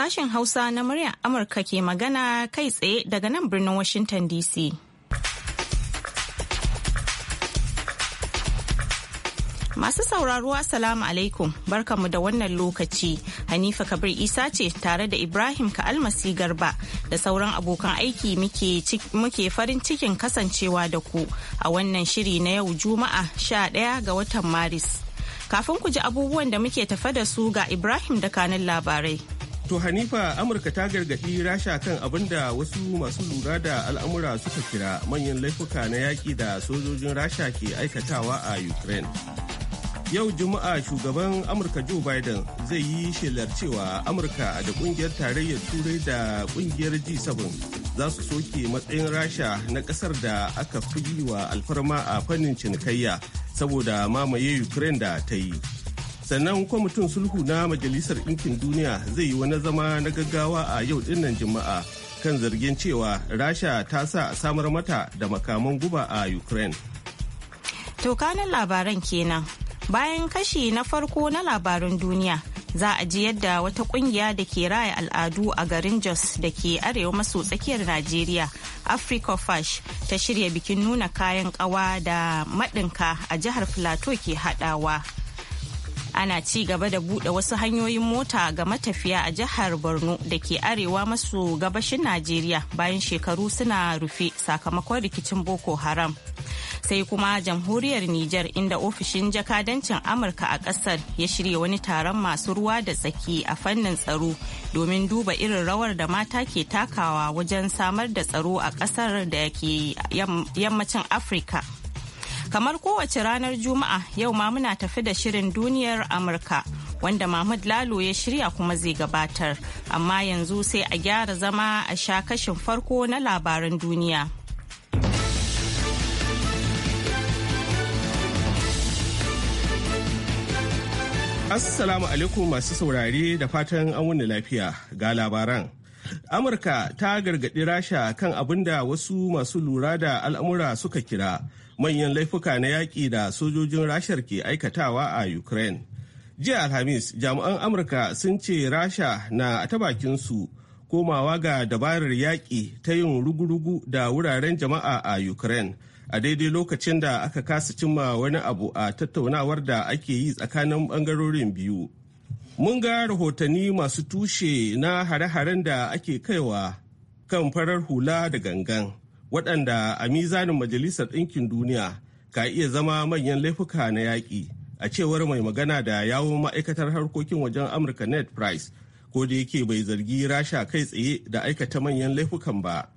sashen Hausa na muryar Amurka ke magana kai tsaye daga nan birnin Washington DC. Masu sauraro Assalamu alaikum barkanmu da wannan lokaci. Hanifa Kabir Isa ce tare da Ibrahim Ka'almasi Garba da sauran abokan aiki muke farin cikin kasancewa da ku a wannan shiri na yau Juma'a 11 ga watan Maris. Kafin ku ji abubuwan da muke tafa da su ga Ibrahim da kanin labarai. To Hanifa Amurka ta gargaɗi Rasha kan abin da wasu masu lura da al'amura suka kira manyan laifuka na yaƙi da sojojin Rasha ke aikatawa a Ukraine. Yau Juma'a shugaban Amurka Joe Biden zai yi shelar cewa Amurka da ƙungiyar tarayyar Turai da ƙungiyar G7 za su soke matsayin Rasha na ƙasar da aka fi wa alfarma a fannin cinikayya saboda mamaye Ukraine da ta yi. sannan kwamitin sulhu na majalisar ɗinkin duniya zai yi wani zama na gaggawa a yau dinnan juma'a kan zargin cewa rasha ta sa samar mata da makaman guba a ukraine to kanan labaran kenan bayan kashi na farko na labaran duniya za a ji yadda wata kungiya da ke raya al'adu a garin jos da ke arewa maso tsakiyar najeriya africa fash ta shirya bikin nuna kayan kawa da maɗinka a jihar plateau ke haɗawa ana ci gaba da buɗe wasu hanyoyin mota ga matafiya a jihar borno da ke arewa maso gabashin najeriya bayan shekaru suna rufe sakamakon rikicin boko haram sai kuma jamhuriyar niger inda ofishin jakadancin amurka a kasar ya shirya wani taron masu ruwa da tsaki a fannin tsaro domin duba irin rawar da mata ke takawa wajen samar da tsaro a kasar da ke yammacin afirka Kamar kowace ranar Juma'a yau ma muna tafi da shirin duniyar Amurka wanda Mahmud Lalo ya shirya kuma zai gabatar. Amma yanzu sai a gyara zama a sha kashin farko na labaran duniya. Assalamu alaikum masu saurare da fatan an wuni lafiya ga labaran. Amurka ta gargaɗi Rasha kan abin da wasu masu lura da al'amura suka kira manyan laifuka na yaƙi da sojojin rashar ke aikatawa a ukraine jiya alhamis jami'an amurka sun ce rasha na ta bakin su komawa ga dabarar yaƙi ta yin rugurugu da wuraren jama'a a ukraine a daidai lokacin da aka kasa cimma wani abu a tattaunawar da ake yi tsakanin bangarorin biyu mun ga rahotanni masu tushe na hare-haren da ake kaiwa kan farar hula da gangan waɗanda a mizanin majalisar ɗinkin duniya ka iya zama manyan laifuka na yaƙi a cewar mai magana da yawon ma'aikatar harkokin wajen amurka net price ko da yake bai zargi rasha kai tsaye da aikata manyan laifukan ba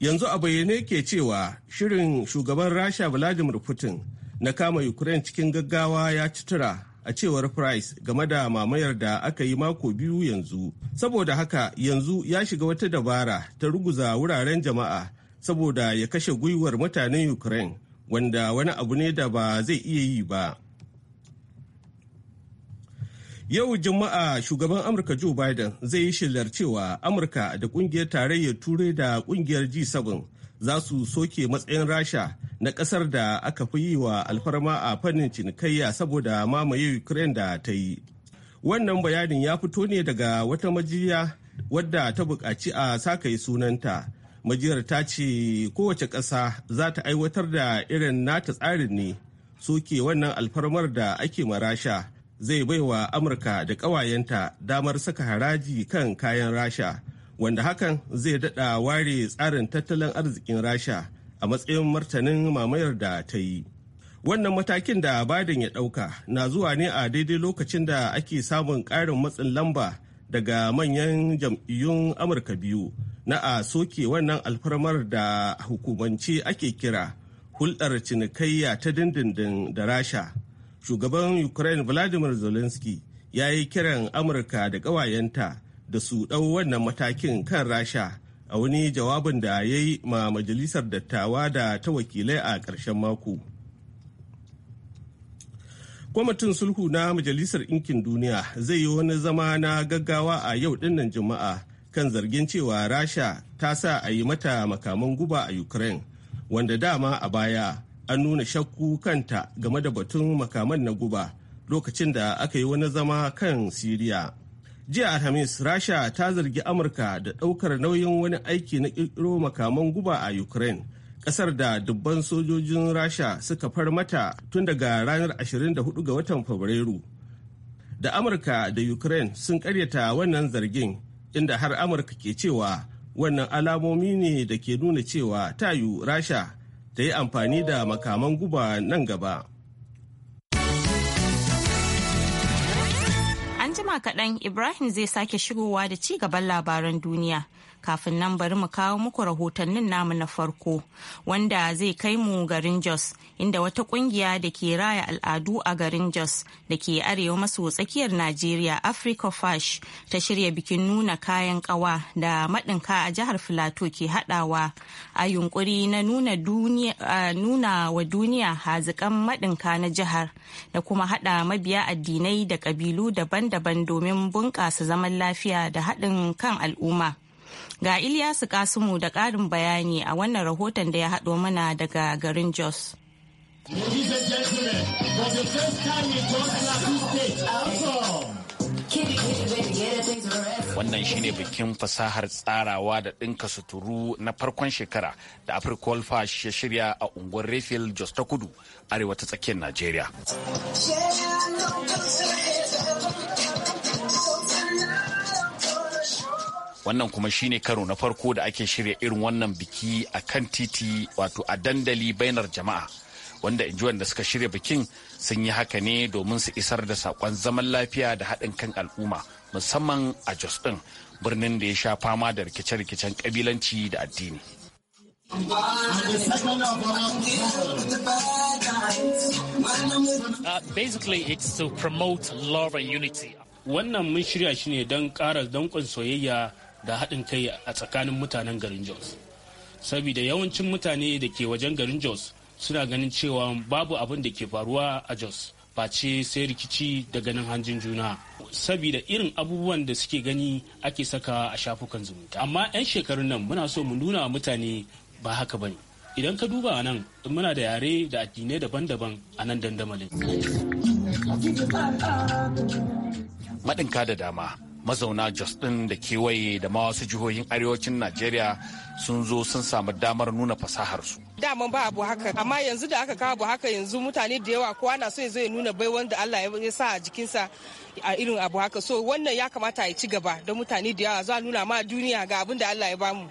yanzu a bayyane ke cewa shirin shugaban rasha vladimir putin na kama ukraine cikin gaggawa ya ci a cewar price game da mamayar da aka yi mako biyu yanzu saboda haka yanzu ya shiga wata dabara ta ruguza wuraren jama'a saboda ya kashe gwiwar mutanen Ukraine wanda wani abu ne da ba zai iya yi ba. Yau Juma'a shugaban Amurka Joe Biden zai yi shelar cewa Amurka da kungiyar tarayyar Turai da kungiyar G7 za su soke matsayin Rasha na kasar da aka fi yi wa alfarma a fannin cinikayya saboda mamaye Ukraine da ta yi. Wannan bayanin ya fito ne daga wata majiya wadda ta buƙaci a sakayi sunanta majiyar ta ce kowace ƙasa za ta aiwatar da irin nata tsarin ne soke wannan alfarmar da ake marasha zai baiwa amurka da ƙawayenta damar saka haraji kan kayan rasha wanda hakan zai daɗa ware tsarin tattalin arzikin rasha a matsayin martanin mamayar da ta yi wannan matakin da biden ya ɗauka na zuwa ne a daidai lokacin da ake samun ƙarin matsin lamba daga manyan jam'iyyun amurka biyu na a soke wannan alfarmar da hukumance ake kira hulɗar cinikayya ta dindindin da rasha shugaban ukraine vladimir zelensky ya yi kiran amurka da ƙawayenta da su ɗau wannan matakin kan rasha a wani jawabin da ya yi ma majalisar dattawa da ta wakilai a ƙarshen mako kwamitin sulhu na majalisar ɗinkin duniya zai yi wani zama na gaggawa a yau ɗinnan juma'a kan zargin cewa rasha ta sa a yi mata makaman guba a ukraine wanda dama a baya an nuna shakku kanta game da batun makaman na guba lokacin da aka yi wani zama kan siriya jiya alhamis rasha ta zargi amurka da ɗaukar nauyin wani aiki na kirkiro makaman guba a ukraine ƙasar da dubban sojojin rasha suka far mata tun daga ranar 24 ga watan fabrairu da amurka da ukraine sun karyata wannan zargin inda har amurka ke cewa wannan alamomi ne da ke nuna cewa tayu rasha ta yi amfani da makaman guba nan gaba kaɗan Ibrahim zai sake shigowa da ci gaban labaran duniya. Kafin nan bari mu kawo muku rahotannin namu na farko wanda zai kai mu garin Jos inda wata ƙungiya da ke raya al'adu a garin Jos da ke arewa maso tsakiyar Najeriya Africa Fash ta shirya bikin nuna kayan ƙawa da maɗinka a jihar Filato ke haɗawa a yunƙuri na nuna, wa duniya hazikan maɗinka na jihar da kuma haɗa mabiya addinai da ƙabilu daban-daban domin bunƙasa zaman lafiya da haɗin kan al'umma. Ga Ilyasu Kasimu da ƙarin bayani a wannan rahoton da ya haɗo mana daga garin Jos. wannan shi ne Wannan shine bikin fasahar tsarawa da ɗinka suturu na farkon shekara da afirka Fash ya shirya a unguwar Refil Jos ta kudu, arewa ta tsakiyar Najeriya. wannan kuma shine karo na farko da ake shirya irin wannan biki a kan titi wato a dandali bainar jama'a wanda inji wanda suka shirya bikin sun yi haka ne domin su isar da saƙon zaman lafiya da haɗin kan al'umma musamman a jos ɗin birnin da ya sha fama da rikice-rikicen ƙabilanci da addini uh, basically, it's love Wannan mun shirya shi ne don ƙara danƙon soyayya da haɗin kai a tsakanin mutanen garin jos saboda yawancin mutane da ke wajen garin jos suna ganin cewa babu abin da ke faruwa a jos face sai rikici da ganin hanjin juna saboda irin abubuwan da suke gani ake saka a shafukan zumunta amma 'yan shekarun nan muna so mu nuna wa mutane ba haka ba ne idan ka duba nan muna da yare da addinai daban-daban a nan dandamalin maɗinka da dama mazauna jos ɗin da kewaye da ma jihohin arewacin najeriya sun zo sun samu damar nuna fasaharsu daman ba abu haka amma yanzu da aka kawo abu haka yanzu mutane da yawa kowa na so ya ya nuna bai wanda allah ya sa a jikinsa a irin abu haka so wannan ya kamata ya ci gaba don mutane da yawa za a nuna ma duniya ga abin da allah ya bamu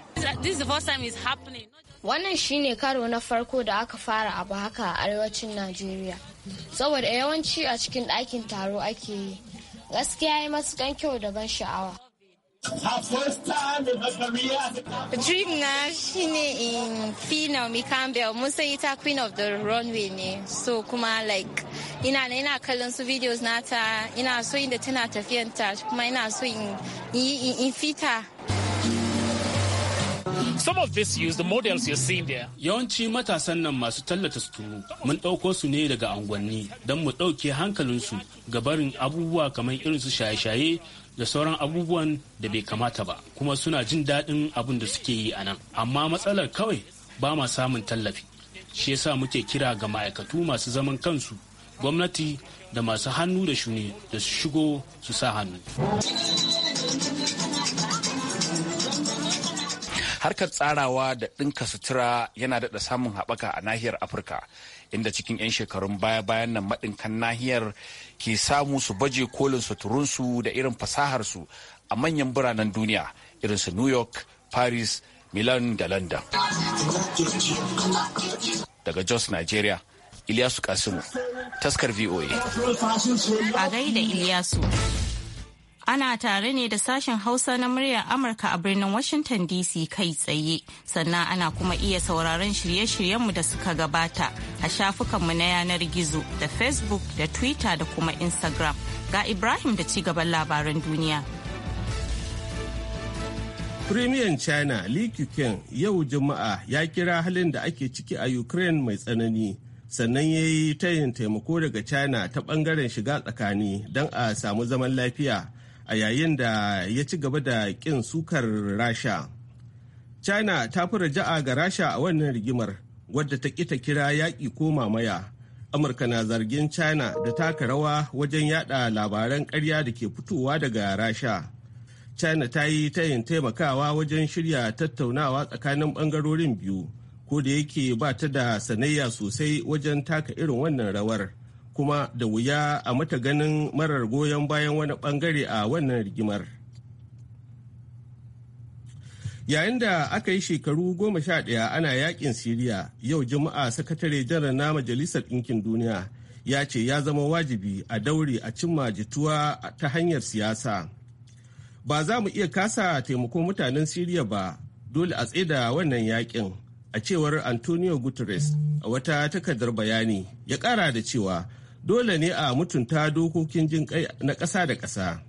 wannan shine karo na farko da aka fara abu haka a arewacin najeriya saboda yawanci a cikin ɗakin taro ake yi Gaskiya ya matukan kyau da ban sha'awa. Dream na ne in fi Naomi Campbell mun san ita Queen of the Runway ne so kuma like ina na ina kallon su videos nata ina so inda tana tafiyanta kuma ina so in yi in fita Some of this use the models you're seeing there. Yawanci matasan nan masu tallata suturu mun ɗauko su ne daga angwanni don mu ɗauke hankalinsu ga barin abubuwa kamar irin su shaye-shaye da sauran abubuwan da bai kamata ba kuma suna jin daɗin abin da suke yi a nan amma matsalar kawai ba ma samun tallafi shi yasa muke kira ga ma'aikatu masu zaman kansu gwamnati da masu hannu da shuni da su shigo su sa hannu. harkar tsarawa da ɗinka sutura yana daɗa samun haɓaka a nahiyar afirka inda cikin 'yan shekarun baya-bayan nan maɗinkan nahiyar ke samu su baje kolin suturunsu da irin fasaharsu a manyan biranen duniya irinsu su new york paris milan da london daga jos nigeria ilyasu kasimu taskar voa a gaida ilyasu Ana tare ne da sashen Hausa na muryar Amurka a birnin Washington DC kai tsaye, sannan ana kuma iya sauraron shirye-shiryenmu da suka gabata a shafukanmu na yanar gizo da Facebook da Twitter da kuma Instagram. Ga Ibrahim da ci gaban labaran duniya. Premier China Li yau Juma'a ya kira halin da ake ciki a Ukraine mai tsanani. sannan ya yi tayin taimako daga china ta bangaren shiga tsakani don a samu zaman lafiya a yayin da ya ci gaba da ƙin sukar rasha china ta fi raja'a ga rasha a wannan rigimar wadda ta ta kira yaƙi ko mamaya amurka na zargin china da taka rawa wajen yada labaran karya da ke fitowa daga rasha china ta yi tayin taimakawa wajen shirya tattaunawa tsakanin ɓangarorin biyu ko da yake ba ta da sanayya sosai wajen taka irin wannan rawar. kuma da wuya a mata ganin marar goyon bayan wani bangare a wannan rigimar. Yayin da aka yi shekaru goma sha ɗaya ana yakin Siriya yau Juma'a sakatare janar na Majalisar Ɗinkin Duniya ya ce ya zama wajibi a daure a cimma jituwa ta hanyar siyasa. Ba za mu iya kasa taimakon mutanen Siriya ba dole a tsaida wannan yakin a cewar Antonio Guterres a wata takardar bayani ya ƙara da cewa dole ne a mutunta dokokin jin kai na ƙasa da ƙasa.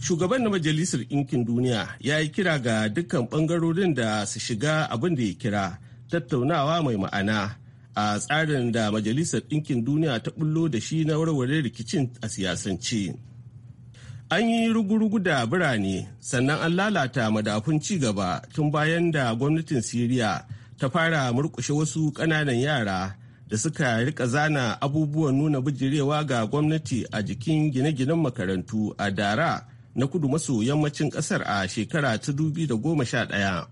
Shugaban na Majalisar inkin Duniya ya yi kira ga dukkan ɓangarorin da su shiga abin da ya kira tattaunawa mai ma'ana a tsarin da Majalisar ɗinkin Duniya ta bullo da shi na warware rikicin a siyasance. An yi rugurugu da birane sannan an lalata madafun ci gaba tun bayan da gwamnatin Siriya ta fara murƙushe wasu ƙananan yara da suka rika zana abubuwan nuna bijirewa ga gwamnati a jikin gine-ginen makarantu a dara na kudu maso yammacin kasar a shekara ta da goma sha ɗaya.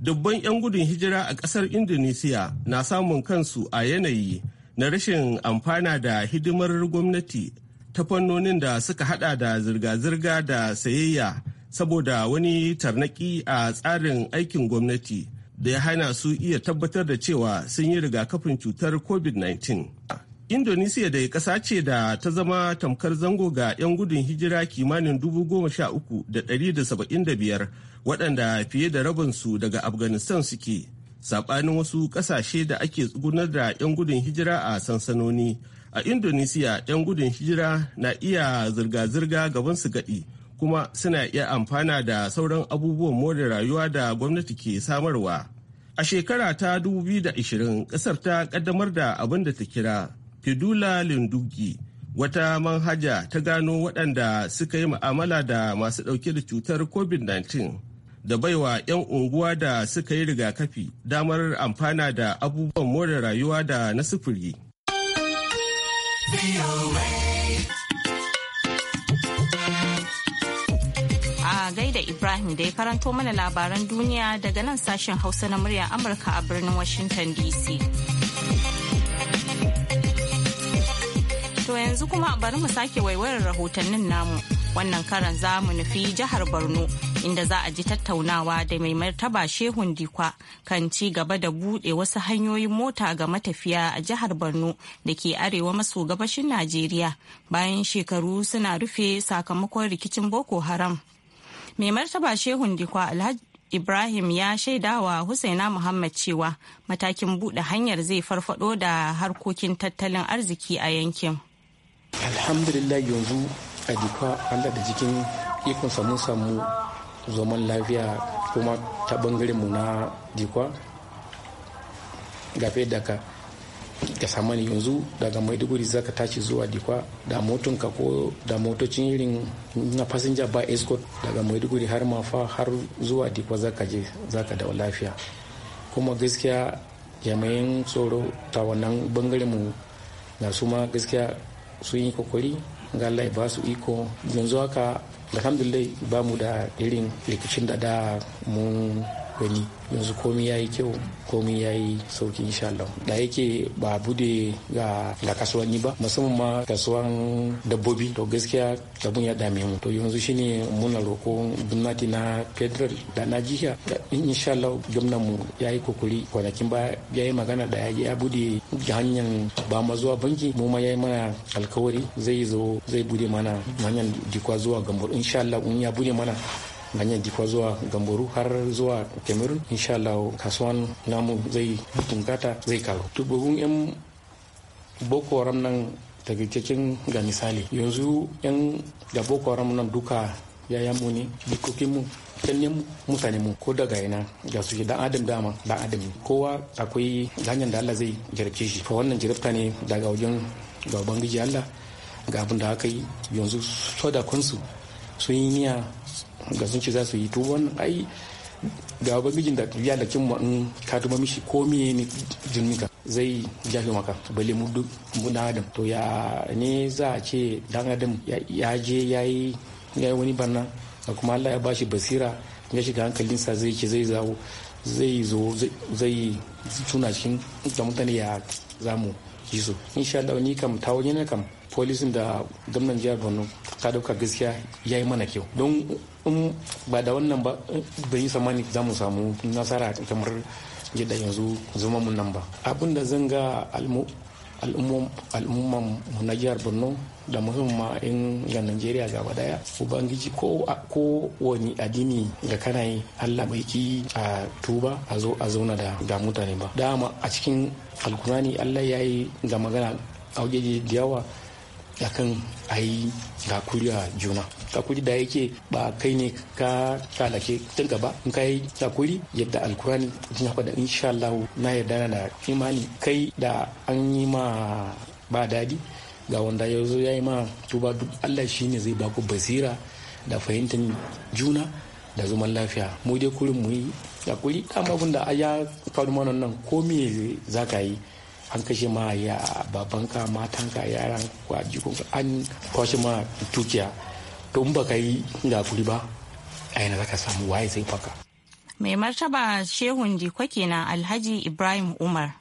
dubban 'yan gudun hijira a kasar indonesia na samun kansu a yanayi na rashin amfana da hidimar gwamnati ta fannonin da suka hada da zirga-zirga da sayayya saboda wani tarnaki a tsarin aikin gwamnati. da ya hana su iya tabbatar da cewa sun yi rigakafin cutar covid-19 indonesia da ƙasa ce da ta zama tamkar zango ga 'yan gudun hijira kimanin 13,175 waɗanda fiye da rabinsu daga afghanistan suke saɓanin wasu ƙasashe da ake tsugunar da 'yan gudun hijira a sansanoni a indonesia 'yan gudun hijira na iya zirga-zirga gaban su gaɗi kuma suna iya amfana da sauran abubuwan more rayuwa da gwamnati ke samarwa. A shekara ta 2020 ƙasar ta ƙaddamar da abin da ta kira Fidula Lindugi wata manhaja ta gano waɗanda suka yi ma'amala da masu ɗauke da cutar COVID-19 da baiwa 'yan unguwa da suka yi rigakafi damar amfana da abubuwan more rayuwa da na sufuri. da Ibrahim da ya karanto mana labaran duniya daga nan sashen Hausa na murya Amurka a birnin Washington DC. To yanzu kuma bari mu sake waiwayar rahotannin namu. Wannan karan za mu nufi jihar Borno inda za a ji tattaunawa da mai martaba Shehun Dikwa kan ci gaba da buɗe wasu hanyoyin mota ga matafiya a jihar Borno da ke arewa maso gabashin Najeriya bayan shekaru suna rufe sakamakon rikicin Boko Haram. mai martaba shehun dikwa alhaji Ibrahim ya shaidawa Husaina Muhammad cewa matakin buɗe hanyar zai farfado da harkokin tattalin arziki a yankin. Alhamdulillah yanzu a dikwa Allah da jikin ikon samun samu zaman lafiya kuma ta bangaren mu na dikwa gafe daga ka samu yanzu daga maiduguri zaka tashi zuwa dikwa da motonka ko da motocin irin na fasinja ba escort daga maiduguri har mafa har zuwa dikwa zaka je zaka da lafiya kuma gaskiya jami'in tsoro ta wannan bangaren mu na su ma gaskiya sun yi kokari ga Allah ba su iko yanzu haka alhamdulillah ba mu da irin rikicin da da mun gani yanzu komai ya yi kyau komai ya yi sauki insha Allah da yake ba bude ga da kasuwanni ba musamman ma kasuwan dabbobi to gaskiya abun ya dame mu to yanzu shine muna roko gwamnati na federal da na jiha insha Allah gwamnan mu ya yi kokuri kwanakin ba ya yi magana da ya bude hanyar ba ma zuwa banki mu ma ya yi mana alkawari zai zo zai bude mana hanyar jikwa zuwa gambar insha Allah in ya bude mana ganyen difa zuwa gamboru har zuwa cameroon insha Allah kasuwan namu zai bunkata zai karu tubugun yan boko haram nan daga cikin ga misali yanzu yan da boko haram nan duka yayan mu ne mu kallon mutane mu ko daga yana ga su dan adam dama dan adam kowa akwai ganyen da Allah zai jarabce shi fa wannan jarabta ne daga wajen ga ubangiji Allah ga abin da aka yi yanzu so da sun yi niyya ga sun ce za su yi to wannan ai ga ubangijin da ya da kin in ka tuba mishi ko me ne jinninka zai jafe maka bale mu duk mu adam to ya ne za a ce dan adam ya je yayi yayi wani da kuma Allah ya bashi basira ya shiga hankalinsa zai ce zai zawo zai zo zai tuna cikin da mutane ya zamu jiso insha Allah ni kam ta waje na kam polisin da gwamnan jihar Borno ta dauka gaskiya ya yi mana kyau don in ba da wannan ba da yi samani za mu samu nasara kamar yadda yanzu zama mun nan ba abin da zan ga al'umman mu na jihar borno da muhimma in ga najeriya gaba daya ubangiji ko ko wani addini ga kana yi allah bai ki a tuba a zo a zauna da Ga mutane ba dama a cikin alkurani allah ya yi ga magana aujeji da yawa akan ayi yi ga juna hakuri da yake ba kai ne ka kalake turga ba in kai takuri yadda alkurani jin haka da insha Allah na yarda na imani kai da an yi ma ba dadi ga wanda ya zo ya yi ma tuba duk Allah shi ne zai baku basira da fahimtar juna da zaman lafiya mu dai kurin mu yi takuri kan abin da ya faru mana nan ko me za ka yi an kashe ma ya babanka matanka yaran ko a an kwashe ma tukiya to in baka yi da kuri ba a yana zaka samu waye zai faka mai martaba shehun diko kenan alhaji ibrahim umar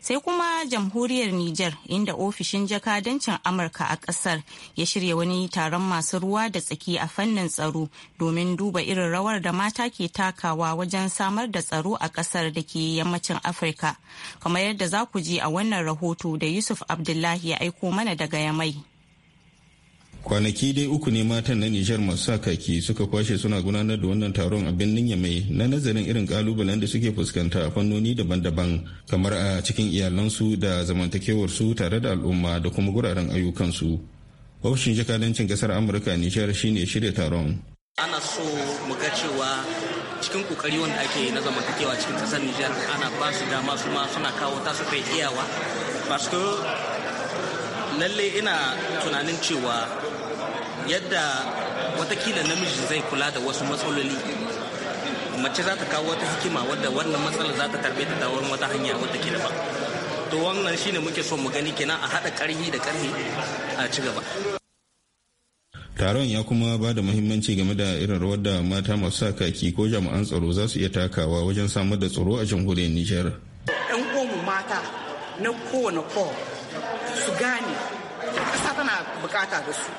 sai kuma jamhuriyar niger inda ofishin jakadancin amurka a kasar ya shirya wani taron masu ruwa da tsaki a fannin tsaro domin duba irin rawar da mata ke takawa wajen samar da tsaro a kasar da ke yammacin afirka kamar yadda za ku ji a wannan rahoto da yusuf abdullahi ya aiko mana daga yamai kwanaki dai uku ne matan na nijar masu sa kaki suka kwashe suna gudanar da wannan taron a birnin yamai na nazarin irin kalubalen da suke fuskanta a fannoni daban-daban kamar a cikin iyalansu da zamantakewarsu tare da al'umma da kuma guraren ayyukansu ofishin jakadancin kasar amurka nijar shine shirya taron ana so mu ga cewa cikin kokari wanda ake na zamantakewa cikin kasar nijar ana ba su dama su ma suna kawo ta su kai iyawa lalle ina tunanin cewa yadda watakila namiji zai kula da wasu matsaloli mace za ta kawo wata hikima wadda wannan matsalar za ta karbe ta ta wani wata hanya wadda kila ba to wannan shine muke so mu gani kenan a haɗa ƙarfi da ƙarfi a ci gaba taron ya kuma ba da muhimmanci game da irin rawar da mata masu sa kaki ko jami'an tsaro za su iya takawa wajen samar da tsaro a jamhuriyar nijar yan uwanmu mata na kowane ko su gane tana bukata da su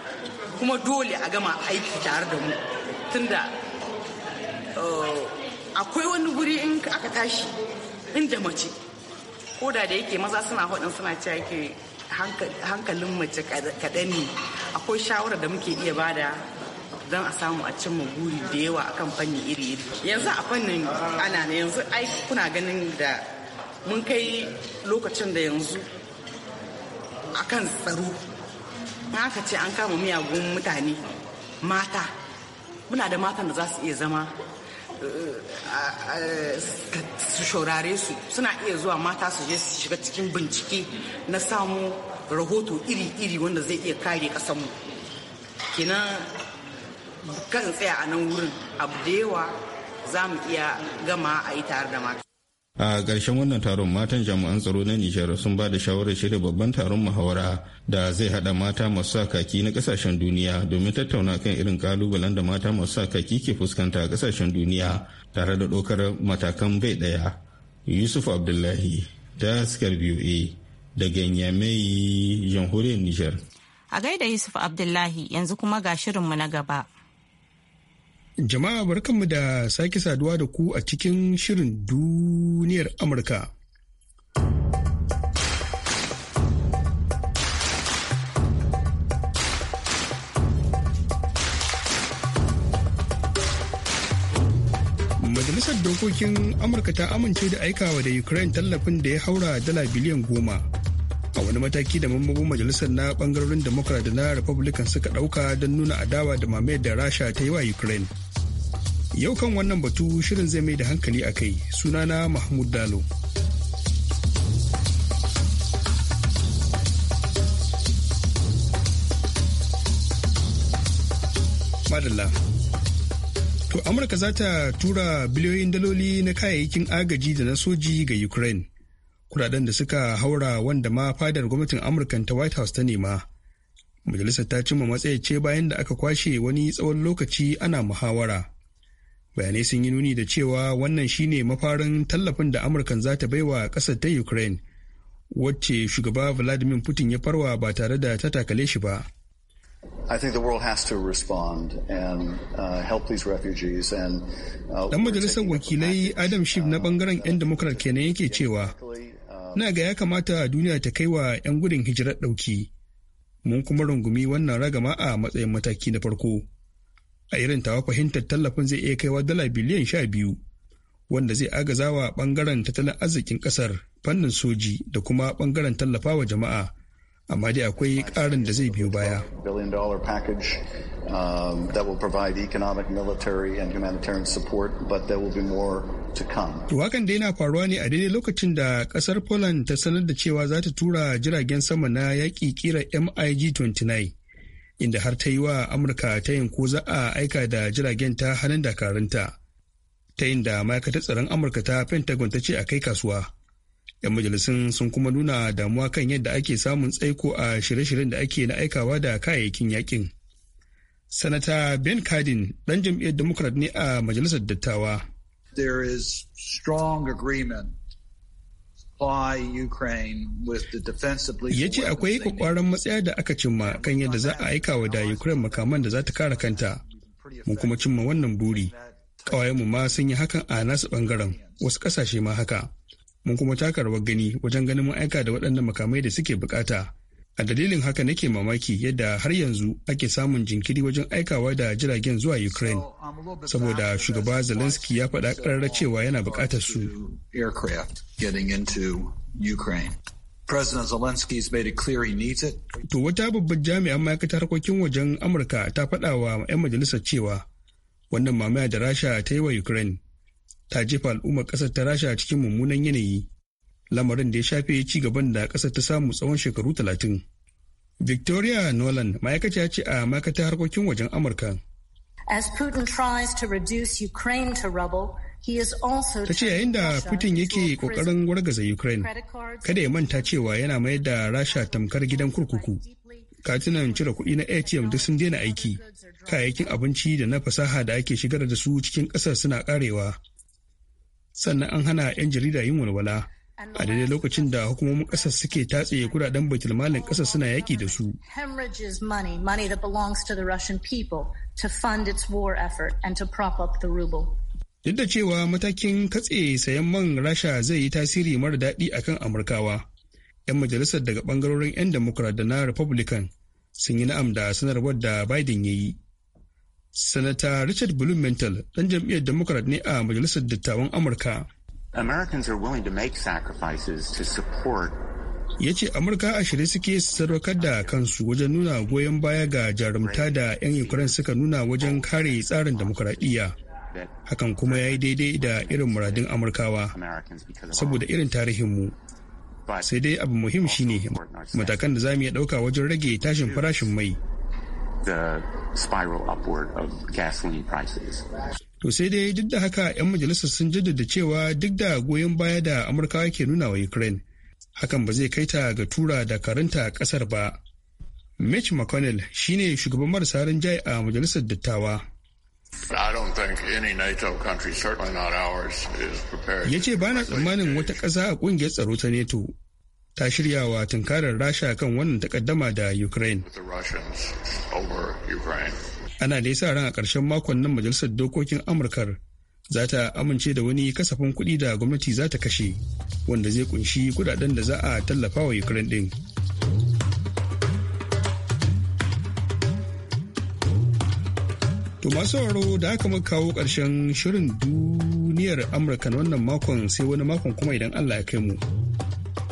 kuma dole a gama aiki tare da mu tunda eh, akwai wani guri in aka tashi inda mace ko da da yake maza suna hudun suna cewa yake hankalin mace kaɗan ne akwai shawarar da muke iya bada don a samu a cimma guri da yawa akan fanni iri-iri yanzu a fannin ana na yanzu ai kuna ganin da mun kai lokacin da yanzu akan tsaro in aka ce an kama miyagun mutane mata muna da matan da za su iya zama eh, eh, eh, su shaurare su suna iya zuwa mata su je su shiga cikin bincike na samu rahoto iri-iri wanda zai iya kare kasanmu kenan kan tsaya a nan wurin abu da yawa za mu iya gama a yi tare da mata a ƙarshen wannan taron matan jami'an tsaro na nijar sun ba da shawarar shirya babban taron muhawara da zai haɗa mata masu sa kaki na ƙasashen duniya domin tattauna kan irin ƙalubalen da mata masu sa kaki ke fuskanta a ƙasashen duniya tare da ɗaukar matakan bai ɗaya yusuf abdullahi ta askar voa daga yamai jamhuriyar nijar a gaida yusuf abdullahi yanzu kuma ga shirinmu na gaba Jama'a barkanmu da sake saduwa da ku a cikin shirin duniyar Amurka. Majalisar Dokokin Amurka ta amince da aikawa da Ukraine tallafin da ya haura dala biliyan goma. a wani mataki da mambobin majalisar na bangarorin democrat da na republican suka dauka don nuna adawa da mamayar da rasha ta yi wa ukraine yau kan wannan batu shirin zai mai da hankali a kai sunana mahmud dalo madalla to amurka za ta tura biliyoyin daloli na kayayyakin agaji da na soji ga ukraine kudaden da suka haura wanda ma fadar gwamnatin amurka ta white house ta nema majalisar ta cimma ce bayan da aka kwashe wani tsawon lokaci ana muhawara bayanai sun yi nuni da cewa wannan shine mafarin tallafin da amurka za ta baiwa kasar ta ukraine wacce shugaba vladimir putin ya farwa ba tare da ta takale shi ba Dan majalisar wakilai Adam Schiff na bangaren 'yan Democrat kenan yake cewa na ga ya kamata duniya ta kai wa 'yan gudun hijirar ɗauki mun kuma rungumi wannan ragama a matsayin mataki na farko a irin tawa fahimtar tallafin zai iya kaiwa dala biliyan sha biyu wanda zai agazawa ɓangaren tattalin arzikin ƙasar fannin soji da kuma bangaren tallafawa jama'a amma dai akwai ƙarin da zai biyo baya. Um, that will provide economic, military, and humanitarian support, but there will be more to come. Wakan dai na faruwa ne a daidai lokacin da kasar Poland ta sanar da cewa za ta tura jiragen sama na yaƙi kira MiG-29, inda har ta yi wa Amurka ta yin ko za a aika da jiragen ta hannun dakarunta, ta yin da ma'aikatar tsaron Amurka ta Pentagon ta ce a kai kasuwa. 'yan majalisun sun kuma nuna damuwa kan yadda ake samun tsaiko a shirye-shiryen da ake na aikawa da kayayyakin yakin sanata ben cardin ɗan jam'iyyar democrat ne a majalisar dattawa there is strong agreement ya ce akwai kwakwaran matsaya da aka cimma kan yadda za a aika wa da ukraine makaman da za ta kare kanta mun kuma cimma wannan buri ƙawayenmu ma sun yi hakan a nasu ɓangaren wasu ƙasashe ma haka mun kuma taka rawar gani wajen ganin mun aika da waɗannan makamai da suke bukata a dalilin haka nake mamaki yadda har yanzu ake samun jinkiri wajen aikawa da jiragen zuwa ukraine saboda shugaba zelensky ya faɗa ƙararra cewa yana buƙatar su To wata babbar jami'an ma'aikata harkokin wajen Amurka ta faɗa wa 'yan majalisar cewa wannan mamaya da Rasha ta yi wa Ukraine ta jefa al'ummar ƙasar ta rasha cikin mummunan yanayi lamarin da ya shafe ci gaban da ƙasar ta samu tsawon shekaru talatin. victoria nolan ma'aikaciya ce a ma'aikatar harkokin wajen amurka As Putin tries to reduce Ukraine to rubble, Ta ce yayin da Putin yake kokarin wargaza Ukraine, kada ya manta cewa yana mayar da Rasha tamkar gidan kurkuku. Katunan cire kuɗi na ATM duk sun daina aiki, kayayyakin abinci da na fasaha da ake shigar da su cikin ƙasar suna ƙarewa, sannan an hana 'yan jarida yin walwala a daidai lokacin da hukumomin ƙasar suke tatse kudaden baitulmalin ƙasar suna yaƙi da su. Duk da cewa matakin katse sayan man Rasha zai yi tasiri mara daɗi a kan Amurkawa, 'yan majalisar daga ɓangarorin 'yan Democrat da na Republican sun yi na'am da sanarwar da Biden ya yi. Sanata Richard Blumenthal ɗan jam'iyyar Democrat ne a Majalisar Dattawan Amurka. Americans are willing to make sacrifices to support ya ce amurka a shirye suke sadaukar da kansu wajen nuna goyon baya ga jarumta da 'yan ukraine suka nuna wajen kare tsarin demokuraɗiyya hakan kuma ya yi daidai da irin muradin amurkawa saboda irin tarihinmu sai dai abu shi ne matakan da za mu iya ɗauka wajen rage tashin farashin mai the spiral upward of gasoline prices. To sai dai duk da haka 'yan majalisar sun jaddada cewa duk da goyon baya da amurka ke nuna wa Ukraine, hakan ba zai kai ta ga tura da karanta kasar ba. Mitch McConnell shine shugaban marasa rinjaye a majalisar dattawa. Ya ce ba na tsammanin wata ƙasa a ƙungiyar tsaro ta NATO ta shiryawa wa tunkarar rasha kan wannan takaddama da ukraine ana da sa ran a karshen makon nan majalisar dokokin amurkar za ta amince da wani kasafin kuɗi da gwamnati za ta kashe wanda zai kunshi kudaden da za a tallafa wa ukraine din masu sauraro da aka muka kawo ƙarshen shirin duniyar amurka na wannan makon sai wani makon kuma idan allah ya kai mu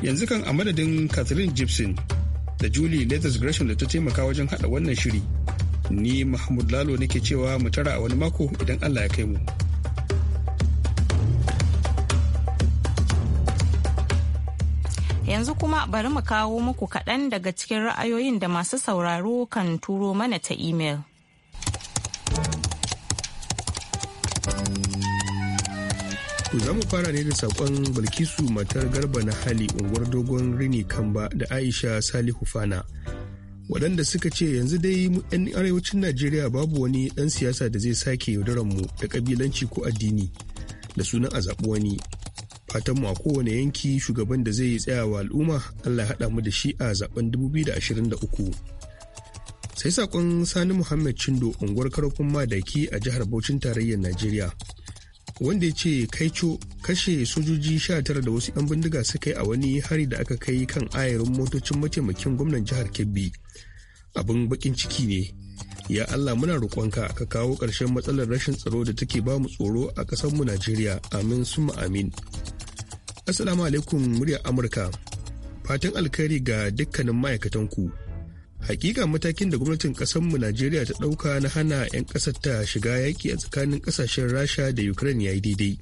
yanzu kan a madadin catherine gibson da julie letters gresham da ta taimaka wajen hada wannan shiri ni mahmud lalo nake cewa mu tara a wani mako idan allah ya kai mu yanzu kuma bari mu kawo muku kaɗan daga cikin ra'ayoyin da masu sauraro kan turo mana ta imel. To za mu fara ne da saƙon Balkisu matar Garba na Hali unguwar dogon Rini Kamba da Aisha Salihu Fana. Waɗanda suka ce yanzu dai 'yan arewacin Najeriya babu wani ɗan siyasa da zai sake mu da ƙabilanci ko addini da sunan a zaɓi wani. Fatanmu a kowane yanki shugaban da zai tsaya wa al'umma Allah ya haɗa mu da shi a zaɓen 2023. Sai saƙon Sani Muhammad Chindo unguwar Karfin Madaki a jihar Bauchin tarayyar Najeriya. wanda ya ce kaico kashe sojoji 19 da wasu 'yan bindiga suka yi a wani hari da aka kai kan ayarin motocin mataimakin gwamnan jihar kebbi abin bakin ciki ne ya allah muna roƙonka ka kawo ƙarshen matsalar rashin tsaro da take ba mu tsoro a ƙasarmu najeriya amin summa amin assalamu alaikum muryar amurka fatan alkhairi ga dukkanin ma'aikatan ku hakika matakin da gwamnatin mu najeriya ta ɗauka na hana 'yan kasar ta shiga yaƙi a tsakanin ƙasashen rasha da ukraine ya yi daidai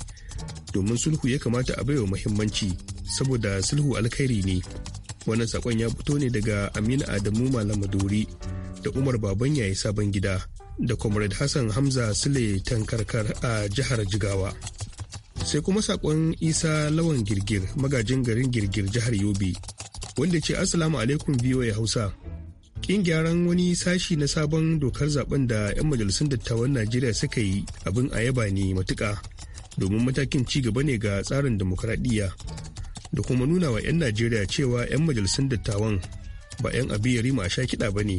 domin sulhu ya kamata a baiwa muhimmanci saboda sulhu alkhairi ne wannan sakon ya fito ne daga aminu adamu malamadori da umar baban yayi sabon gida da comrade hassan hamza sule tankarkar a jihar jigawa sai kuma Saƙon isa lawan girgir magajin garin girgir jihar yobe wanda ce assalamu alaikum ya hausa kin gyaran wani sashi na sabon dokar zaben da 'yan majalisun dattawan najeriya suka yi abin a yaba ne matuka domin matakin ci gaba ne ga tsarin demokuraɗiyya da kuma nuna wa 'yan najeriya cewa 'yan majalisun dattawan ba 'yan abin abiyari a sha kiɗa ba ne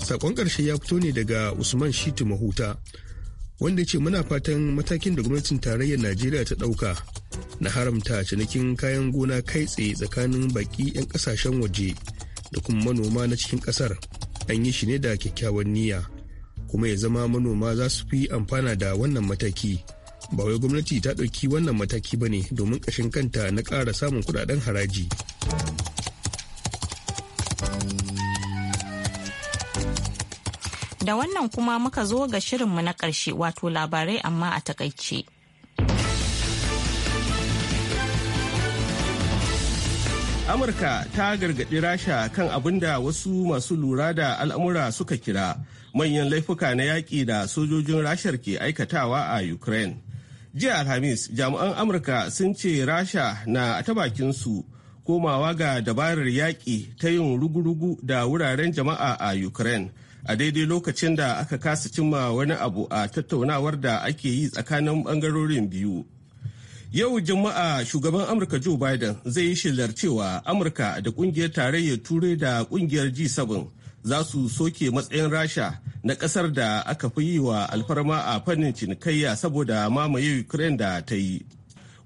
sakon ƙarshe ya fito ne daga usman shitu mahuta wanda ce muna fatan matakin da gwamnatin tarayyar najeriya ta ɗauka na haramta cinikin kayan gona kai tsaye tsakanin baƙi 'yan ƙasashen waje da kuma manoma na cikin kasar an yi shi ne da kyakkyawan niyya kuma ya zama manoma za su fi amfana da wannan mataki ba wai gwamnati ta ɗauki wannan mataki ba ne domin ƙashin kanta na ƙara samun kuɗaɗen haraji da wannan kuma muka zo ga shirinmu na ƙarshe wato labarai amma a takaice. amurka ta gargaɗi rasha kan abin da wasu masu lura da al'amura suka kira manyan laifuka na yaƙi da sojojin rashar ke aikatawa a ukraine jiya alhamis jami'an amurka sun ce rasha na ta bakinsu komawa ga dabarar yaƙi ta yin rugurugu da wuraren jama'a a ukraine a daidai lokacin da aka kasa cimma wani abu a tattaunawar da ake yi tsakanin ɓangarorin biyu Yau Juma'a shugaban Amurka Joe Biden zai yi shelar cewa Amurka da kungiyar tarayyar Turai da kungiyar G7 za su soke matsayin Rasha na kasar da aka fi yi wa alfarma a fannin cinikayya saboda mamaye Ukraine da ta yi.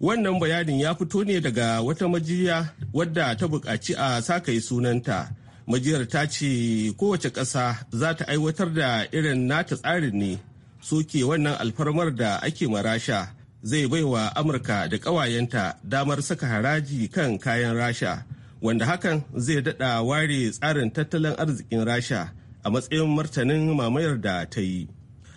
Wannan bayanin ya fito ne daga wata majiya wadda ta buƙaci a sakai sunanta. Majiyar ta ce kowace ƙasa za ta aiwatar da irin nata tsarin ne soke wannan alfarmar da ake ma rasha zai baiwa amurka da ƙawayenta damar saka haraji kan kayan rasha wanda hakan zai daɗa ware tsarin tattalin arzikin rasha a matsayin martanin mamayar da ta yi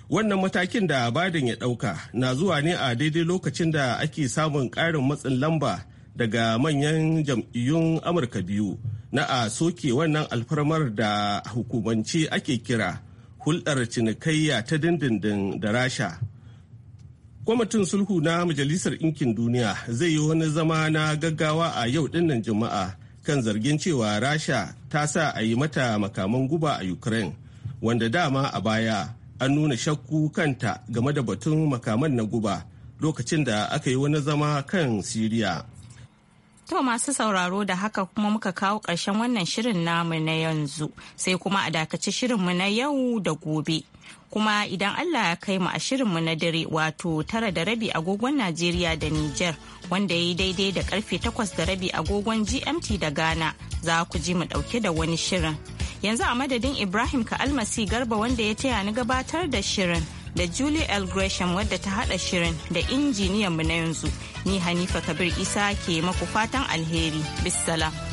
wannan matakin da biden ya ɗauka na zuwa ne a daidai lokacin da ake samun ƙarin matsin lamba daga manyan jam'iyyun amurka biyu na a soke wannan alfarmar da hukumance ake kira hulɗar cinikayya ta dindindin da rasha kwamitin sulhu na majalisar ɗinkin duniya zai yi wani zama na gaggawa a yau dinnan juma'a kan zargin cewa rasha ta sa a yi mata makaman guba a ukraine wanda dama a baya an nuna shakku kanta game da batun makaman na guba lokacin da aka yi wani zama kan siriya To masu sauraro da haka kuma muka kawo ƙarshen wannan shirin namu na yanzu sai kuma a dakaci shirinmu na yau da gobe. Kuma idan Allah ya kai mu a shirinmu na dare wato tara da rabi agogon Najeriya da Nijar wanda ya yi daidai da karfe takwas da rabi agogon GMT da Ghana za ku ji mu ɗauke da wani shirin. Yanzu a madadin Ibrahim Ka'almasi Garba wanda ya taya ni gabatar da shirin. da Julie L. Gresham wadda ta hada shirin da injiniyan mu na yanzu. Ni Hanifa Kabir Isa ke maku fatan alheri. Bissalam.